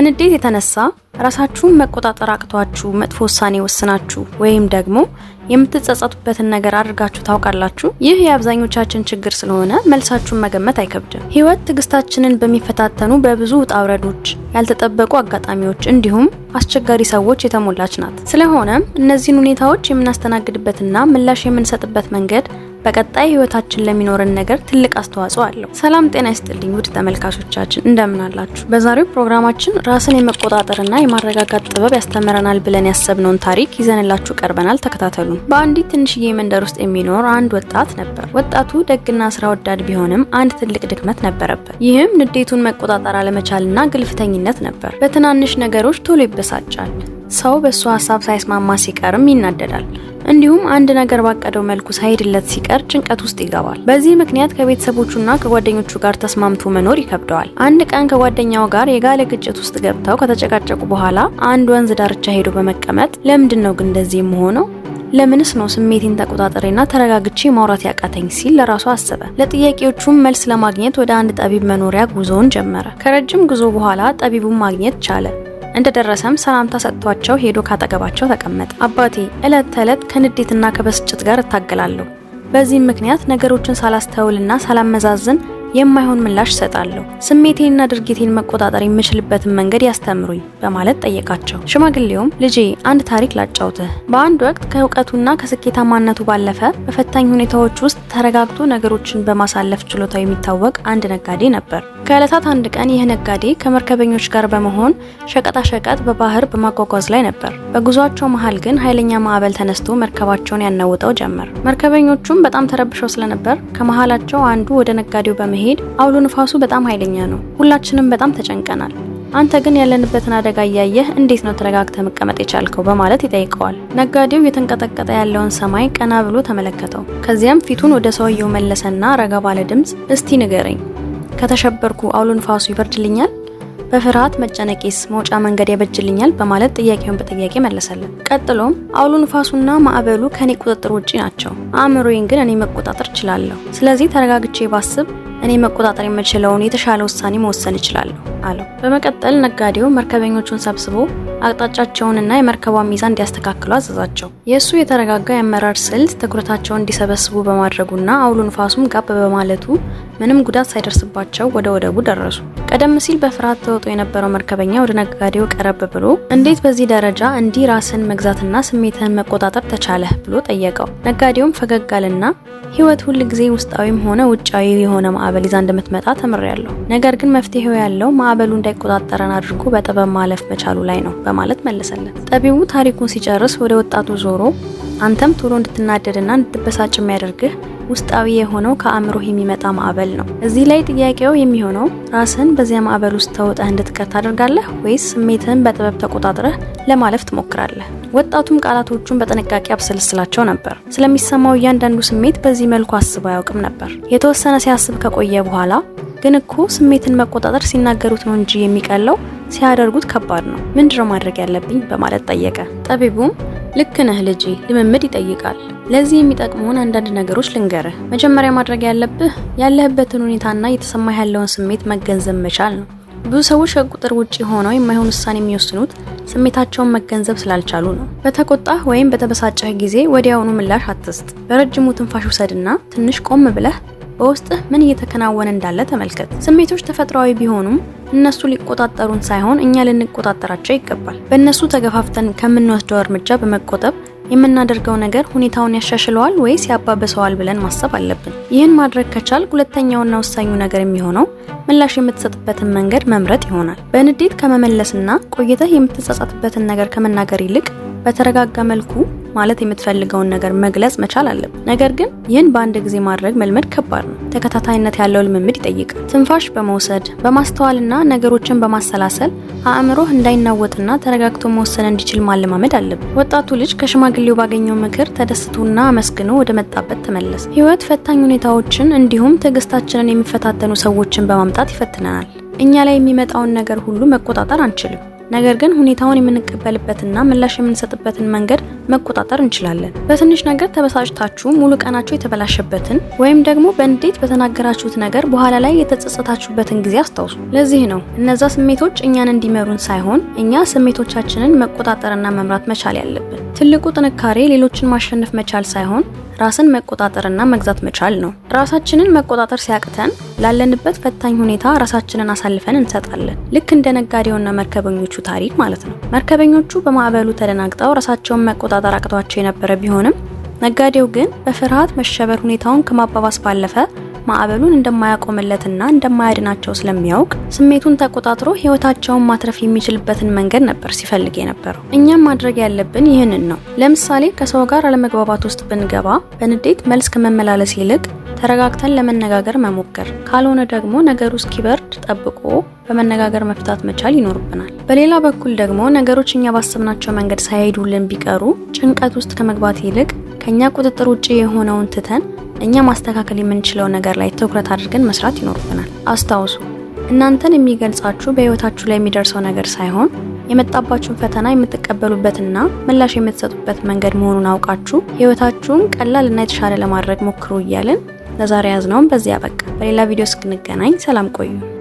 ከንዴት የተነሳ ራሳችሁን መቆጣጠር አቅቷችሁ መጥፎ ውሳኔ ወስናችሁ ወይም ደግሞ የምትጸጸቱበትን ነገር አድርጋችሁ ታውቃላችሁ? ይህ የአብዛኞቻችን ችግር ስለሆነ መልሳችሁን መገመት አይከብድም። ህይወት ትዕግስታችንን በሚፈታተኑ በብዙ ውጣ ውረዶች፣ ያልተጠበቁ አጋጣሚዎች እንዲሁም አስቸጋሪ ሰዎች የተሞላች ናት። ስለሆነም እነዚህን ሁኔታዎች የምናስተናግድበትና ምላሽ የምንሰጥበት መንገድ በቀጣይ ህይወታችን ለሚኖረን ነገር ትልቅ አስተዋጽኦ አለው። ሰላም ጤና ይስጥልኝ ውድ ተመልካቾቻችን እንደምን አላችሁ? በዛሬው ፕሮግራማችን ራስን የመቆጣጠርና የማረጋጋት ጥበብ ያስተምረናል ብለን ያሰብነውን ታሪክ ይዘንላችሁ ቀርበናል። ተከታተሉ። በአንዲት ትንሽዬ መንደር ውስጥ የሚኖር አንድ ወጣት ነበር። ወጣቱ ደግና ስራ ወዳድ ቢሆንም አንድ ትልቅ ድክመት ነበረበት። ይህም ንዴቱን መቆጣጠር አለመቻልና ግልፍተኝነት ነበር። በትናንሽ ነገሮች ቶሎ ይበሳጫል። ሰው በእሱ ሀሳብ ሳይስማማ ሲቀርም ይናደዳል። እንዲሁም አንድ ነገር ባቀደው መልኩ ሳይሄድለት ሲቀር ጭንቀት ውስጥ ይገባል። በዚህ ምክንያት ከቤተሰቦቹና ከጓደኞቹ ጋር ተስማምቶ መኖር ይከብደዋል። አንድ ቀን ከጓደኛው ጋር የጋለ ግጭት ውስጥ ገብተው ከተጨቃጨቁ በኋላ አንድ ወንዝ ዳርቻ ሄዶ በመቀመጥ ለምንድን ነው ግን እንደዚህ የምሆነው ለምንስ ነው ስሜቴን ተቆጣጠሬና ተረጋግቼ ማውራት ያቃተኝ ሲል ለራሱ አሰበ። ለጥያቄዎቹም መልስ ለማግኘት ወደ አንድ ጠቢብ መኖሪያ ጉዞውን ጀመረ። ከረጅም ጉዞ በኋላ ጠቢቡን ማግኘት ቻለ። እንደደረሰም ሰላምታ ሰጥቷቸው ሄዶ ካጠገባቸው ተቀመጠ። አባቴ ዕለት ተዕለት ከንዴትና ከብስጭት ጋር እታገላለሁ። በዚህም ምክንያት ነገሮችን ሳላስተውልና ሳላመዛዝን የማይሆን ምላሽ እሰጣለሁ። ስሜቴንና ድርጊቴን መቆጣጠር የምችልበትን መንገድ ያስተምሩኝ። በማለት ጠየቃቸው። ሽማግሌውም ልጄ አንድ ታሪክ ላጫውትህ። በአንድ ወቅት ከእውቀቱና ከስኬታማነቱ ባለፈ በፈታኝ ሁኔታዎች ውስጥ ተረጋግቶ ነገሮችን በማሳለፍ ችሎታው የሚታወቅ አንድ ነጋዴ ነበር። ከዕለታት አንድ ቀን ይህ ነጋዴ ከመርከበኞች ጋር በመሆን ሸቀጣሸቀጥ በባህር በማጓጓዝ ላይ ነበር። በጉዟቸው መሀል ግን ኃይለኛ ማዕበል ተነስቶ መርከባቸውን ያናውጠው ጀመር። መርከበኞቹም በጣም ተረብሸው ስለነበር ከመሀላቸው አንዱ ወደ ነጋዴው በመሄድ አውሎ ንፋሱ በጣም ኃይለኛ ነው፣ ሁላችንም በጣም ተጨንቀናል አንተ ግን ያለንበትን አደጋ እያየህ እንዴት ነው ተረጋግተህ መቀመጥ የቻልከው? በማለት ይጠይቀዋል። ነጋዴው የተንቀጠቀጠ ያለውን ሰማይ ቀና ብሎ ተመለከተው። ከዚያም ፊቱን ወደ ሰውየው መለሰና ረጋ ባለ ድምፅ እስቲ ንገረኝ ከተሸበርኩ አውሎ ንፋሱ ይበርድልኛል በፍርሃት መጨነቄስ መውጫ መንገድ ያበጅልኛል በማለት ጥያቄውን በጥያቄ መለሰልን። ቀጥሎም አውሎ ንፋሱና ማዕበሉ ከኔ ቁጥጥር ውጪ ናቸው፣ አእምሮዬን ግን እኔ መቆጣጠር እችላለሁ። ስለዚህ ተረጋግቼ ባስብ እኔ መቆጣጠር የምችለውን የተሻለ ውሳኔ መወሰን እችላለሁ አለው። በመቀጠል ነጋዴው መርከበኞቹን ሰብስቦ አቅጣጫቸውንና የመርከቧን ሚዛን እንዲያስተካክሉ አዘዛቸው። የእሱ የተረጋጋ የአመራር ስልት ትኩረታቸውን እንዲሰበስቡ በማድረጉና አውሎ ንፋሱም ጋብ በማለቱ ምንም ጉዳት ሳይደርስባቸው ወደ ወደቡ ደረሱ። ቀደም ሲል በፍርሃት ተውጦ የነበረው መርከበኛ ወደ ነጋዴው ቀረብ ብሎ እንዴት በዚህ ደረጃ እንዲህ ራስን መግዛትና ስሜትን መቆጣጠር ተቻለህ ብሎ ጠየቀው። ነጋዴውም ፈገግ አለና ህይወት ሁልጊዜ ጊዜ ውስጣዊም ሆነ ውጫዊ የሆነ ማዕበል ይዛ እንደምትመጣ ተምሬያለሁ። ነገር ግን መፍትሄው ያለው ማዕበሉ እንዳይቆጣጠረን አድርጎ በጥበብ ማለፍ መቻሉ ላይ ነው በማለት መለሰለት። ጠቢቡ ታሪኩን ሲጨርስ ወደ ወጣቱ ዞሮ አንተም ቶሎ እንድትናደድና እንድትበሳጭ የሚያደርግህ ውስጣዊ የሆነው ከአእምሮህ የሚመጣ ማዕበል ነው። እዚህ ላይ ጥያቄው የሚሆነው ራስህን በዚያ ማዕበል ውስጥ ተውጠህ እንድትቀር ታደርጋለህ ወይስ ስሜትህን በጥበብ ተቆጣጥረህ ለማለፍ ትሞክራለህ? ወጣቱም ቃላቶቹን በጥንቃቄ አብሰልስላቸው ነበር። ስለሚሰማው እያንዳንዱ ስሜት በዚህ መልኩ አስብ አያውቅም ነበር። የተወሰነ ሲያስብ ከቆየ በኋላ ግን እኮ ስሜትን መቆጣጠር ሲናገሩት ነው እንጂ የሚቀለው ሲያደርጉት ከባድ ነው። ምንድነው ማድረግ ያለብኝ? በማለት ጠየቀ። ጠቢቡም ልክ ነህ ልጄ፣ ልምምድ ይጠይቃል ለዚህ የሚጠቅሙን አንዳንድ ነገሮች ልንገርህ። መጀመሪያ ማድረግ ያለብህ ያለህበትን ሁኔታና እየተሰማ ያለውን ስሜት መገንዘብ መቻል ነው። ብዙ ሰዎች ከቁጥር ውጪ ሆነው የማይሆን ውሳኔ የሚወስኑት ስሜታቸውን መገንዘብ ስላልቻሉ ነው። በተቆጣህ ወይም በተበሳጨህ ጊዜ ወዲያውኑ ምላሽ አትስጥ። በረጅሙ ትንፋሽ ውሰድና ትንሽ ቆም ብለህ በውስጥህ ምን እየተከናወነ እንዳለ ተመልከት። ስሜቶች ተፈጥሯዊ ቢሆኑም እነሱ ሊቆጣጠሩን ሳይሆን እኛ ልንቆጣጠራቸው ይገባል። በእነሱ ተገፋፍተን ከምንወስደው እርምጃ በመቆጠብ የምናደርገው ነገር ሁኔታውን ያሻሽለዋል ወይስ ያባበሰዋል ብለን ማሰብ አለብን። ይህን ማድረግ ከቻል ሁለተኛውና ወሳኙ ነገር የሚሆነው ምላሽ የምትሰጥበትን መንገድ መምረጥ ይሆናል። በንዴት ከመመለስና ቆይተህ የምትጸጸትበትን ነገር ከመናገር ይልቅ በተረጋጋ መልኩ ማለት የምትፈልገውን ነገር መግለጽ መቻል አለብን። ነገር ግን ይህን በአንድ ጊዜ ማድረግ መልመድ ከባድ ነው። ተከታታይነት ያለው ልምምድ ይጠይቃል። ትንፋሽ በመውሰድ በማስተዋልና ነገሮችን በማሰላሰል አእምሮህ እንዳይናወጥና ተረጋግቶ መወሰን እንዲችል ማለማመድ አለብን። ወጣቱ ልጅ ከሽማግሌው ባገኘው ምክር ተደስቶና አመስግኖ ወደ መጣበት ተመለሰ። ህይወት ፈታኝ ሁኔታዎችን እንዲሁም ትዕግስታችንን የሚፈታተኑ ሰዎችን በማምጣት ይፈትነናል። እኛ ላይ የሚመጣውን ነገር ሁሉ መቆጣጠር አንችልም። ነገር ግን ሁኔታውን የምንቀበልበትና ምላሽ የምንሰጥበትን መንገድ መቆጣጠር እንችላለን። በትንሽ ነገር ተበሳጭታችሁ ሙሉ ቀናችሁ የተበላሸበትን ወይም ደግሞ በእንዴት በተናገራችሁት ነገር በኋላ ላይ የተጸጸታችሁበትን ጊዜ አስታውሱ። ለዚህ ነው እነዛ ስሜቶች እኛን እንዲመሩን ሳይሆን እኛ ስሜቶቻችንን መቆጣጠርና መምራት መቻል ያለብን። ትልቁ ጥንካሬ ሌሎችን ማሸነፍ መቻል ሳይሆን ራስን መቆጣጠርና መግዛት መቻል ነው። ራሳችንን መቆጣጠር ሲያቅተን ላለንበት ፈታኝ ሁኔታ ራሳችንን አሳልፈን እንሰጣለን። ልክ እንደ ነጋዴውና መርከበኞቹ ታሪክ ማለት ነው። መርከበኞቹ በማዕበሉ ተደናግጠው ራሳቸውን መቆጣጠር አቅቷቸው የነበረ ቢሆንም ነጋዴው ግን በፍርሃት መሸበር ሁኔታውን ከማባባስ ባለፈ ማዕበሉን እንደማያቆምለትና እንደማያድናቸው ስለሚያውቅ ስሜቱን ተቆጣጥሮ ህይወታቸውን ማትረፍ የሚችልበትን መንገድ ነበር ሲፈልግ የነበረው። እኛም ማድረግ ያለብን ይህንን ነው። ለምሳሌ ከሰው ጋር አለመግባባት ውስጥ ብንገባ በንዴት መልስ ከመመላለስ ይልቅ ተረጋግተን ለመነጋገር መሞከር፣ ካልሆነ ደግሞ ነገሩ እስኪበርድ ጠብቆ በመነጋገር መፍታት መቻል ይኖርብናል። በሌላ በኩል ደግሞ ነገሮች እኛ ባሰብናቸው መንገድ ሳይሄዱልን ቢቀሩ ጭንቀት ውስጥ ከመግባት ይልቅ ከኛ ቁጥጥር ውጪ የሆነውን ትተን እኛ ማስተካከል የምንችለው ነገር ላይ ትኩረት አድርገን መስራት ይኖርብናል። አስታውሱ፣ እናንተን የሚገልጻችሁ በህይወታችሁ ላይ የሚደርሰው ነገር ሳይሆን የመጣባችሁን ፈተና የምትቀበሉበትና ምላሽ የምትሰጡበት መንገድ መሆኑን አውቃችሁ ህይወታችሁን እና የተሻለ ለማድረግ ሞክሩ እያልን ለዛሬ ያዝነውን በዚህ ያበቃ። በሌላ ቪዲዮ እስክንገናኝ ሰላም ቆዩ።